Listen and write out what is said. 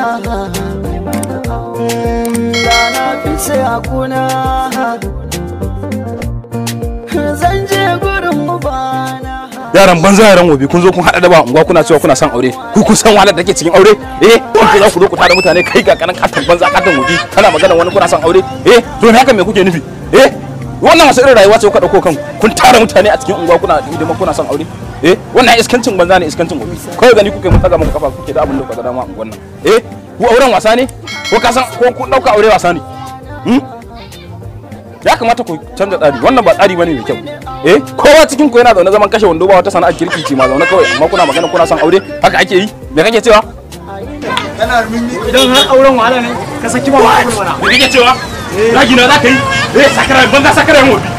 fi sai zan je gurin yaran banza yaran wobi kun zo kun haɗa daba unguwa kuna cewa kuna san aure ku kun san wahalar da ke cikin aure eh kun ku za ku zo ku tada mutane kai ga kanan katan banza katan wobi kana magana wani kuna san aure eh to me haka me kuke nufi eh wannan wasu irin rayuwa ce kuka dauko kanku kun tara mutane a cikin unguwa kuna hidima kuna son aure eh wannan iskancin banza ne iskancin gobe kawai gani kuke mutaga muku kafa kuke da abin da kuka dama unguwan nan eh ku auren wasa ne ko ka san ko kun dauka aure wasa ne hmm? ya kamata ku canza tsari wannan ba tsari bane mai kyau eh kowa cikin ku yana zaune zaman kashe wando ba wata sana'ar kirki ce ma zaune kawai amma kuna magana kuna son aure haka ake yi me kake cewa idan har auren wahala ne ka saki ba aure wala me kake cewa eh. zagi na za ka yi Ei, sacanagem, banda sacanagem, é